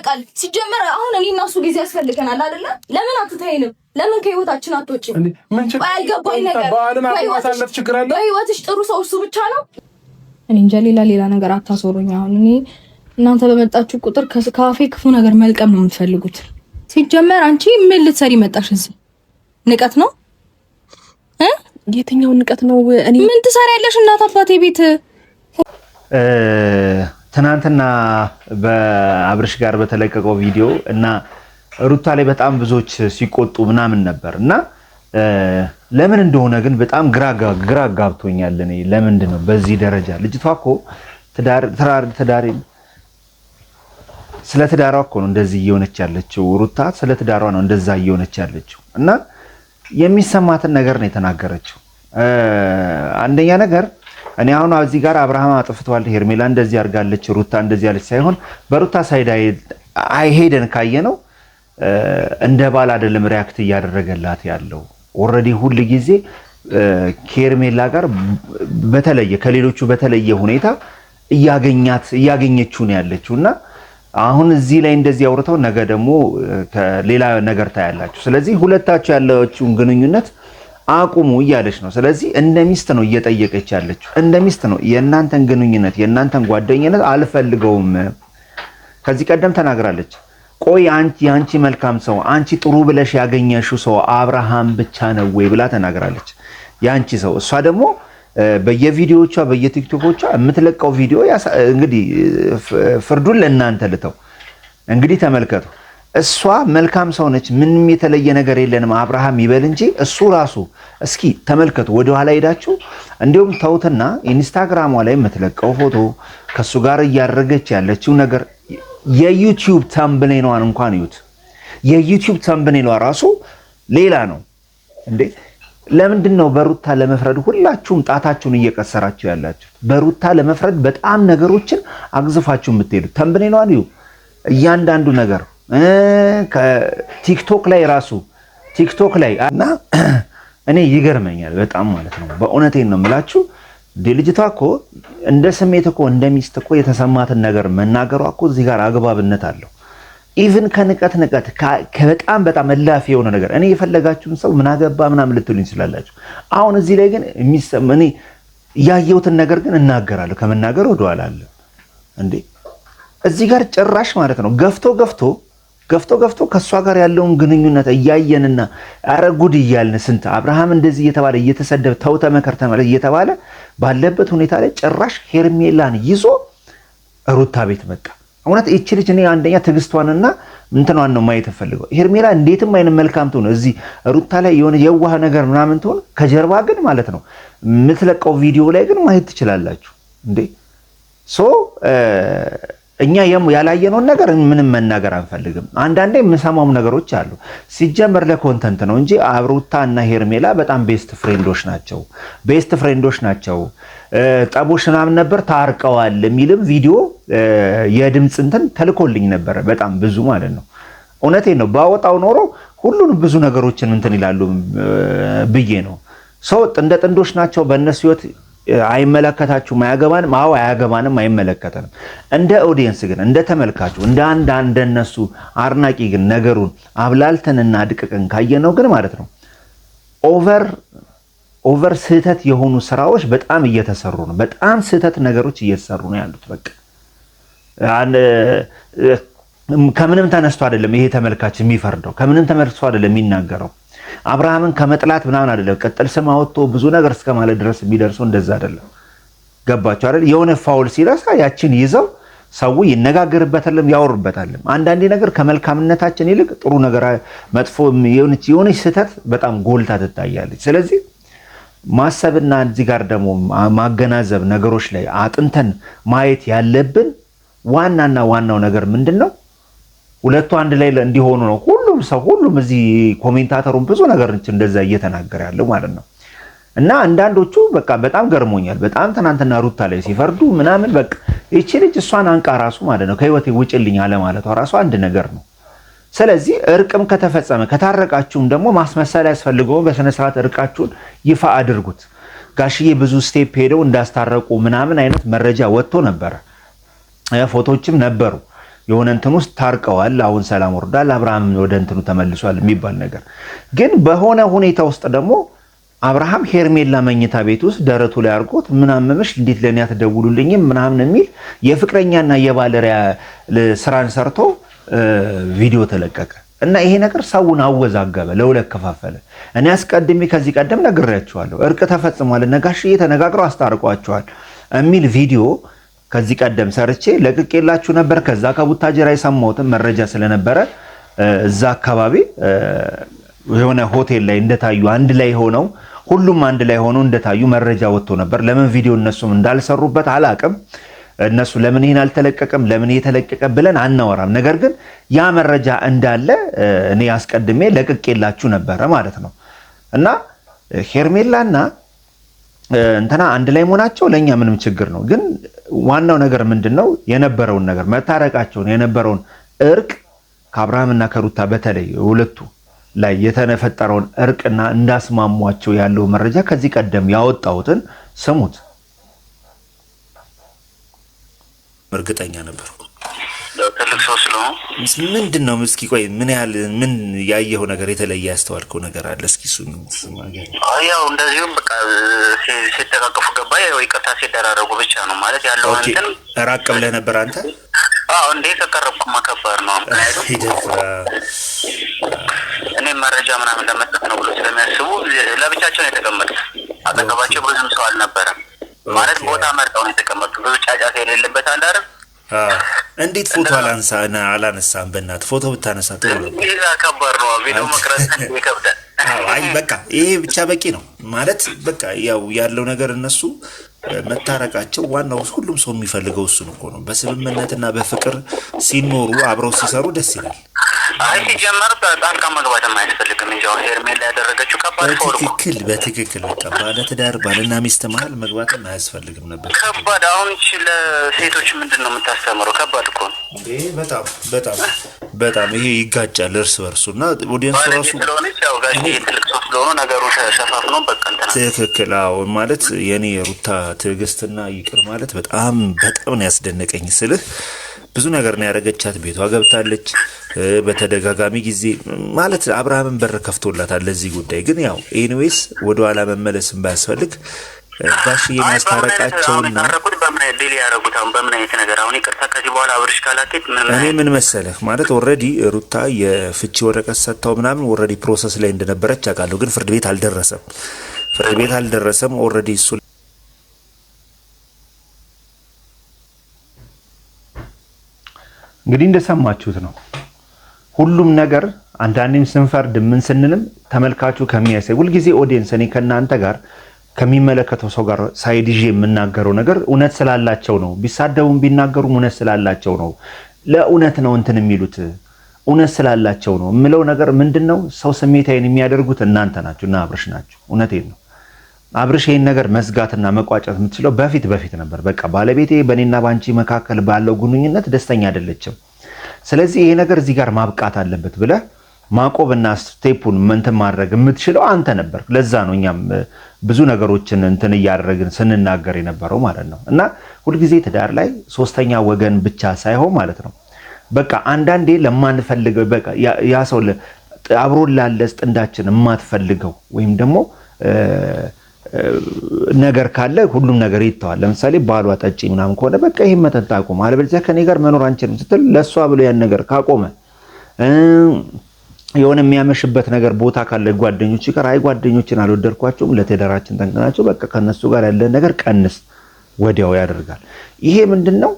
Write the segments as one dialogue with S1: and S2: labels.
S1: ይበቃል። ሲጀመር አሁን እኔ እና እሱ ጊዜ ያስፈልገናል አይደለ? ለምን አትታይንም? ለምን ከህይወታችን አትወጪ? አይገባኝ
S2: ነገር ችግር አለ።
S1: በህይወትሽ ጥሩ ሰው እሱ ብቻ ነው። እኔ እንጃ ሌላ ሌላ ነገር አታሰሩኝ። አሁን እኔ እናንተ በመጣችሁ ቁጥር ከአፌ ክፉ ነገር መልቀም ነው የምትፈልጉት። ሲጀመር አንቺ ምን ልትሰሪ መጣሽ እዚህ? ንቀት ነው እ
S3: የትኛውን ንቀት ነው? እኔ
S1: ምን ትሰሪያለሽ እናት አባቴ ቤት
S2: ትናንትና በአብርሽ ጋር በተለቀቀው ቪዲዮ እና ሩታ ላይ በጣም ብዙዎች ሲቆጡ ምናምን ነበር እና ለምን እንደሆነ ግን በጣም ግራ ጋብቶኛል። እኔ ለምንድን ነው በዚህ ደረጃ ልጅቷ እኮ ትዳር ስለ ትዳሯ እኮ ነው እንደዚህ እየሆነች ያለችው። ሩታ ስለ ትዳሯ ነው እንደዛ እየሆነች ያለችው እና የሚሰማትን ነገር ነው የተናገረችው። አንደኛ ነገር እኔ አሁን እዚህ ጋር አብርሃም አጥፍቷል፣ ሄርሜላ እንደዚህ አድርጋለች፣ ሩታ እንደዚህ ያለች ሳይሆን በሩታ ሳይድ አይሄደን ካየ ነው እንደ ባል አይደለም ሪያክት እያደረገላት ያለው ኦልሬዲ ሁል ጊዜ ከሄርሜላ ጋር በተለየ ከሌሎቹ በተለየ ሁኔታ እያገኛት እያገኘችው ነው ያለችው እና አሁን እዚህ ላይ እንደዚህ አውርተው ነገ ደግሞ ሌላ ነገር ታያላችሁ። ስለዚህ ሁለታቸው ያለችውን ግንኙነት አቁሙ እያለች ነው። ስለዚህ እንደ ሚስት ነው እየጠየቀች ያለችው፣ እንደ ሚስት ነው የእናንተን ግንኙነት የእናንተን ጓደኝነት አልፈልገውም። ከዚህ ቀደም ተናግራለች። ቆይ አንቺ የአንቺ መልካም ሰው አንቺ ጥሩ ብለሽ ያገኘሽው ሰው አብርሃም ብቻ ነው ወይ ብላ ተናግራለች። የአንቺ ሰው እሷ ደግሞ በየቪዲዮቿ በየቲክቶኮቿ የምትለቀው ቪዲዮ እንግዲህ ፍርዱን ለእናንተ ልተው እንግዲህ ተመልከቱ። እሷ መልካም ሰው ነች። ምንም የተለየ ነገር የለንም አብርሃም ይበል እንጂ እሱ ራሱ እስኪ ተመልከቱ፣ ወደኋላ ሄዳችሁ እንዲሁም ተውትና ኢንስታግራሟ ላይ የምትለቀው ፎቶ ከእሱ ጋር እያደረገች ያለችው ነገር የዩቲዩብ ተምብኔኗን እንኳን እዩት። የዩቲዩብ ተምብኔኗ ራሱ ሌላ ነው እንዴ! ለምንድን ነው በሩታ ለመፍረድ ሁላችሁም ጣታችሁን እየቀሰራችሁ ያላችሁ በሩታ ለመፍረድ በጣም ነገሮችን አግዝፋችሁ የምትሄዱት። ተምብኔኗን እዩ፣ እያንዳንዱ ነገር ከቲክቶክ ላይ ራሱ ቲክቶክ ላይ እና እኔ ይገርመኛል በጣም ማለት ነው። በእውነቴን ነው የምላችሁ። ልጅቷ እኮ እንደ ስሜት እኮ እንደ ሚስት እኮ የተሰማትን ነገር መናገሯ እኮ እዚህ ጋር አግባብነት አለው። ኢቭን ከንቀት ንቀት በጣም በጣም እላፊ የሆነ ነገር እኔ የፈለጋችሁን ሰው ምናገባ ምናምን ልትሉኝ ትችላላችሁ። አሁን እዚህ ላይ ግን እኔ ያየሁትን ነገር ግን እናገራለሁ። ከመናገር ወደኋላ አለ እንዴ እዚህ ጋር ጭራሽ ማለት ነው ገፍቶ ገፍቶ ገፍቶ ገፍቶ ከእሷ ጋር ያለውን ግንኙነት እያየንና አረ ጉድ እያልን ስንት አብርሃም እንደዚህ እየተባለ እየተሰደበ ተው ተመከር ተመለ እየተባለ ባለበት ሁኔታ ላይ ጭራሽ ሄርሜላን ይዞ ሩታ ቤት መጣ። እውነት ይቺ ልጅ እኔ አንደኛ ትዕግስቷንና እንትኗን ነው ማየት ፈልገው። ሄርሜላ እንዴትም አይነት መልካም ትሆን እዚህ ሩታ ላይ የሆነ የዋህ ነገር ምናምን ትሆን፣ ከጀርባ ግን ማለት ነው የምትለቀው ቪዲዮ ላይ ግን ማየት ትችላላችሁ እንዴ ሶ እኛ ያላየነውን ነገር ምንም መናገር አንፈልግም። አንዳንዴ የምንሰማውም ነገሮች አሉ። ሲጀመር ለኮንተንት ነው እንጂ አብሩታ እና ሄርሜላ በጣም ቤስት ፍሬንዶች ናቸው፣ ቤስት ፍሬንዶች ናቸው፣ ጠቦች ምናምን ነበር ታርቀዋል የሚልም ቪዲዮ የድምፅ እንትን ተልኮልኝ ነበረ፣ በጣም ብዙ ማለት ነው። እውነቴን ነው። ባወጣው ኖሮ ሁሉን ብዙ ነገሮችን እንትን ይላሉ ብዬ ነው። ሰው እንደ ጥንዶች ናቸው በእነሱ ህይወት አይመለከታችሁም፣ አያገባንም። አዎ አያገባንም፣ አይመለከተንም። እንደ ኦዲየንስ ግን እንደ ተመልካቹ እንደ አንድ እንደነሱ አድናቂ ግን ነገሩን አብላልተንና አድቅቅን ካየነው ግን ማለት ነው ኦቨር ኦቨር ስህተት የሆኑ ስራዎች በጣም እየተሰሩ ነው። በጣም ስህተት ነገሮች እየተሰሩ ነው ያሉት። በቃ ከምንም ተነስቶ አይደለም ይሄ ተመልካች የሚፈርደው፣ ከምንም ተነስቶ አይደለም የሚናገረው አብርሃምን ከመጥላት ምናምን አይደለም። ቅጥል ስም አወጥቶ ብዙ ነገር እስከ ማለት ድረስ የሚደርሰው እንደዛ አይደለም። ገባቸው አይደል? የሆነ ፋውል ሲረሳ ያችን ይዘው ሰው ይነጋገርበታልም ያወሩበታልም። አንዳንዴ ነገር ከመልካምነታችን ይልቅ ጥሩ ነገር መጥፎ የሆነች ስህተት በጣም ጎልታ ትታያለች። ስለዚህ ማሰብና እዚህ ጋር ደግሞ ማገናዘብ ነገሮች ላይ አጥንተን ማየት ያለብን ዋናና ዋናው ነገር ምንድን ነው? ሁለቱ አንድ ላይ እንዲሆኑ ነው። ሁሉም ሰው ሁሉም እዚህ ኮሜንታተሩን ብዙ ነገር እንደዛ እየተናገረ ያለው ማለት ነው። እና አንዳንዶቹ በቃ በጣም ገርሞኛል። በጣም ትናንትና ሩታ ላይ ሲፈርዱ ምናምን በቃ ይቺ ልጅ እሷን አንቃ ራሱ ማለት ነው ከህይወቴ ውጭልኝ አለ ማለቷ ራሱ አንድ ነገር ነው። ስለዚህ እርቅም ከተፈጸመ ከታረቃችሁም ደግሞ ማስመሰል ያስፈልገው በስነስርዓት እርቃችሁን ይፋ አድርጉት። ጋሽዬ ብዙ ስቴፕ ሄደው እንዳስታረቁ ምናምን አይነት መረጃ ወጥቶ ነበረ፣ ፎቶችም ነበሩ። የሆነ እንትን ውስጥ ታርቀዋል። አሁን ሰላም ወርዷል፣ አብርሃም ወደ እንትኑ ተመልሷል የሚባል ነገር ግን በሆነ ሁኔታ ውስጥ ደግሞ አብርሃም ሄርሜላ መኝታ ቤት ውስጥ ደረቱ ላይ አርጎት ምናምምሽ እንዴት ለእኔ አትደውሉልኝም ምናምን የሚል የፍቅረኛና የባለሪያ ስራን ሰርቶ ቪዲዮ ተለቀቀ እና ይሄ ነገር ሰውን አወዛገበ፣ ለሁለት ከፋፈለ። እኔ አስቀድሜ ከዚህ ቀደም ነግሬያቸዋለሁ፣ እርቅ ተፈጽሟል፣ ነጋሽዬ ተነጋግረው አስታርቋቸዋል የሚል ቪዲዮ ከዚህ ቀደም ሰርቼ ለቅቄላችሁ ነበር። ከዛ ከቡታጀራ የሰማሁትን መረጃ ስለነበረ እዛ አካባቢ የሆነ ሆቴል ላይ እንደታዩ አንድ ላይ ሆነው ሁሉም አንድ ላይ ሆነው እንደታዩ መረጃ ወጥቶ ነበር። ለምን ቪዲዮ እነሱም እንዳልሰሩበት አላቅም። እነሱ ለምን ይህን አልተለቀቀም፣ ለምን የተለቀቀ ብለን አናወራም። ነገር ግን ያ መረጃ እንዳለ እኔ አስቀድሜ ለቅቄላችሁ ነበረ ማለት ነው እና ሄርሜላና እንትና አንድ ላይ መሆናቸው ለእኛ ምንም ችግር ነው። ግን ዋናው ነገር ምንድን ነው? የነበረውን ነገር መታረቃቸውን፣ የነበረውን እርቅ ከአብርሃምና ከሩታ በተለይ ሁለቱ ላይ የተፈጠረውን እርቅና እንዳስማሟቸው ያለው መረጃ ከዚህ ቀደም ያወጣሁትን ስሙት። እርግጠኛ ነበርኩ
S4: ትልቅ ሰው ስለሆነ
S2: ምንድን ነው? እስኪ ቆይ ምን ያህል ምን ያየው ነገር የተለየ ያስተዋልከው ነገር አለ? እስኪ እሱ
S4: ያው እንደዚሁም በቃ ሲተቃቀፉ ገባ ወይ ይቅርታ ሲደራረጉ ብቻ ነው ማለት ያለው።
S2: አንተን ራቅ ብለህ ነበር አንተ?
S4: አዎ እንዴ ከቀረብኩ ማከበር ነው።
S2: ምክንያቱም
S4: እኔም መረጃ ምናምን ለመጠት ነው ብሎ ስለሚያስቡ ለብቻቸው ነው የተቀመጡት። አጠገባቸው ብዙም ሰው አልነበረም ማለት ቦታ መርጠው ነው የተቀመጡ ብዙ ጫጫታ የሌለበት አንዳርም
S2: እንዴት ፎቶ አላነሳም? በእናት ፎቶ ብታነሳ ጥሩ ነው። በቃ ይሄ ብቻ በቂ ነው ማለት በቃ ያው ያለው ነገር እነሱ መታረቃቸው ዋናው ሁሉም ሰው የሚፈልገው እሱን እኮ ነው። በስምምነትና በፍቅር ሲኖሩ አብረው ሲሰሩ ደስ ይላል።
S4: አይ ሲጀመር ጣልቃ መግባት የማይፈልግ በትክክል
S2: በትክክል በቃ ባለ ትዳር ባልና ሚስት መሀል መግባትም አያስፈልግም ነበር።
S4: ከባድ አሁን እቺ ለሴቶች ምንድን ነው የምታስተምረው? ከባድ እኮ ነው።
S2: በጣም በጣም በጣም ይሄ ይጋጫል እርስ በርሱ እና ኦዲየንስ ራሱ ትክክል። አዎ ማለት የኔ የሩታ ትዕግስትና ይቅር ማለት በጣም በጣም ነው ያስደነቀኝ ስልህ ብዙ ነገር ነው ያደረገቻት። ቤቷ ገብታለች በተደጋጋሚ ጊዜ ማለት አብርሃምን በር ከፍቶላታል። ለዚህ ጉዳይ ግን ያው ኤኒዌይስ ወደኋላ መመለስን ባያስፈልግ ባሽ የማስታረቃቸውና እኔ ምን መሰለህ ማለት ኦልሬዲ ሩታ የፍቺ ወረቀት ሰጥተው ምናምን ኦልሬዲ ፕሮሰስ ላይ እንደነበረች አውቃለሁ። ግን ፍርድ ቤት አልደረሰም፣ ፍርድ ቤት አልደረሰም ኦልሬዲ እሱ እንግዲህ እንደሰማችሁት ነው። ሁሉም ነገር አንዳንዴም ስንፈርድ ምን ስንልም ተመልካቹ ከሚያሳይ ሁልጊዜ ኦዲየንስ እኔ ከእናንተ ጋር ከሚመለከተው ሰው ጋር ሳይድ ይዤ የምናገረው ነገር እውነት ስላላቸው ነው። ቢሳደቡም ቢናገሩም እውነት ስላላቸው ነው። ለእውነት ነው እንትን የሚሉት እውነት ስላላቸው ነው የምለው ነገር ምንድን ነው? ሰው ስሜታዊን የሚያደርጉት እናንተ ናችሁ እና አብርሽ ናችሁ። እውነቴን ነው። አብርሽ ይህን ነገር መዝጋትና መቋጨት የምትችለው በፊት በፊት ነበር። በቃ ባለቤቴ በእኔና በአንቺ መካከል ባለው ግንኙነት ደስተኛ አይደለችም፣ ስለዚህ ይሄ ነገር እዚህ ጋር ማብቃት አለበት ብለህ ማቆብና ስቴፑን እንትን ማድረግ የምትችለው አንተ ነበር። ለዛ ነው እኛም ብዙ ነገሮችን እንትን እያደረግን ስንናገር የነበረው ማለት ነው። እና ሁልጊዜ ትዳር ላይ ሶስተኛ ወገን ብቻ ሳይሆን ማለት ነው በቃ አንዳንዴ ለማንፈልገው በቃ ያ ሰው አብሮን ላለ ጥንዳችን የማትፈልገው ወይም ደግሞ ነገር ካለ ሁሉም ነገር ይተዋል። ለምሳሌ ባሏ ጠጪ ምናምን ከሆነ በቃ ይህን መጠጥ አቁም፣ አለበለዚያ ከኔ ጋር መኖር አንችልም ስትል ለእሷ ብሎ ያን ነገር ካቆመ የሆነ የሚያመሽበት ነገር ቦታ ካለ ጓደኞች ጋር አይ ጓደኞችን አልወደድኳቸውም፣ ለትዳራችን ጠንቅናቸው በቃ ከነሱ ጋር ያለ ነገር ቀንስ፣ ወዲያው ያደርጋል። ይሄ ምንድን ነው?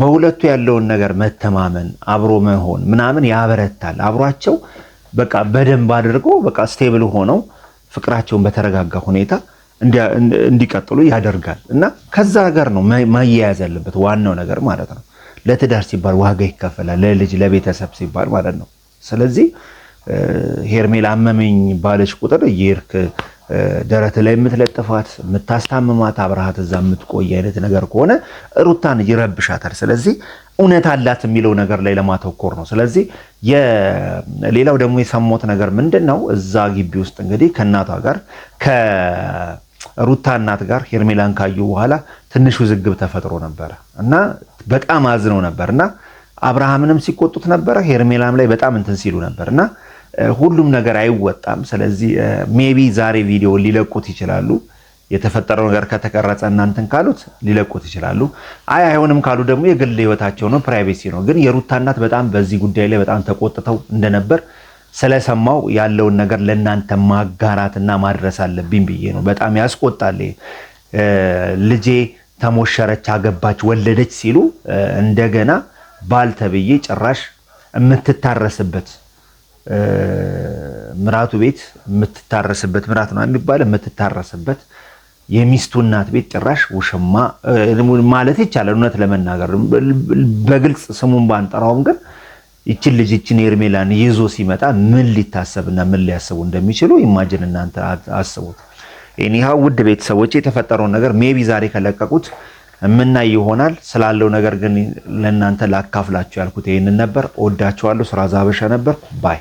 S2: በሁለቱ ያለውን ነገር መተማመን፣ አብሮ መሆን ምናምን ያበረታል። አብሯቸው በቃ በደንብ አድርጎ በቃ ስቴብል ሆነው ፍቅራቸውን በተረጋጋ ሁኔታ እንዲቀጥሉ ያደርጋል እና ከዛ ጋር ነው ማያያዝ ያለበት ዋናው ነገር ማለት ነው። ለትዳር ሲባል ዋጋ ይከፈላል፣ ለልጅ ለቤተሰብ ሲባል ማለት ነው። ስለዚህ ሄርሜላ አመመኝ ባለች ቁጥር እየሄድክ ደረት ላይ የምትለጥፋት የምታስታምማት አብረሃት እዛ የምትቆይ አይነት ነገር ከሆነ ሩታን ይረብሻታል። ስለዚህ እውነት አላት የሚለው ነገር ላይ ለማተኮር ነው። ስለዚህ ሌላው ደግሞ የሰማሁት ነገር ምንድን ነው? እዛ ግቢ ውስጥ እንግዲህ ከእናቷ ጋር ከሩታ እናት ጋር ሄርሜላን ካዩ በኋላ ትንሽ ውዝግብ ተፈጥሮ ነበረ እና በጣም አዝነው ነበር እና አብርሃምንም ሲቆጡት ነበረ ሄርሜላም ላይ በጣም እንትን ሲሉ ነበር እና ሁሉም ነገር አይወጣም። ስለዚህ ሜቢ ዛሬ ቪዲዮ ሊለቁት ይችላሉ። የተፈጠረው ነገር ከተቀረጸ እናንተን ካሉት ሊለቁት ይችላሉ። አይ አይሆንም ካሉ ደግሞ የግል ህይወታቸው ነው፣ ፕራይቬሲ ነው። ግን የሩታ እናት በጣም በዚህ ጉዳይ ላይ በጣም ተቆጥተው እንደነበር ስለሰማው ያለውን ነገር ለእናንተ ማጋራትና ማድረስ አለብኝ ብዬ ነው። በጣም ያስቆጣል። ልጄ ተሞሸረች፣ አገባች፣ ወለደች ሲሉ እንደገና ባል ተብዬ ጭራሽ የምትታረስበት ምራቱ ቤት የምትታረስበት ምራት ነው የሚባለው የምትታረስበት የሚስቱ እናት ቤት ጭራሽ ውሽማ ማለት ይቻላል። እውነት ለመናገር በግልጽ ስሙን ባንጠራውም ግን ይችን ልጅ ይችን ሄርሜላን ይዞ ሲመጣ ምን ሊታሰብና ምን ሊያስቡ እንደሚችሉ ኢማጅን እናንተ አስቡት። ኒሃ ውድ ቤተሰቦች የተፈጠረውን ነገር ሜቢ ዛሬ ከለቀቁት የምናይ ይሆናል። ስላለው ነገር ግን ለእናንተ ላካፍላችሁ ያልኩት ይህንን ነበር። እወዳችኋለሁ። ስራ ዛበሻ ነበር ባይ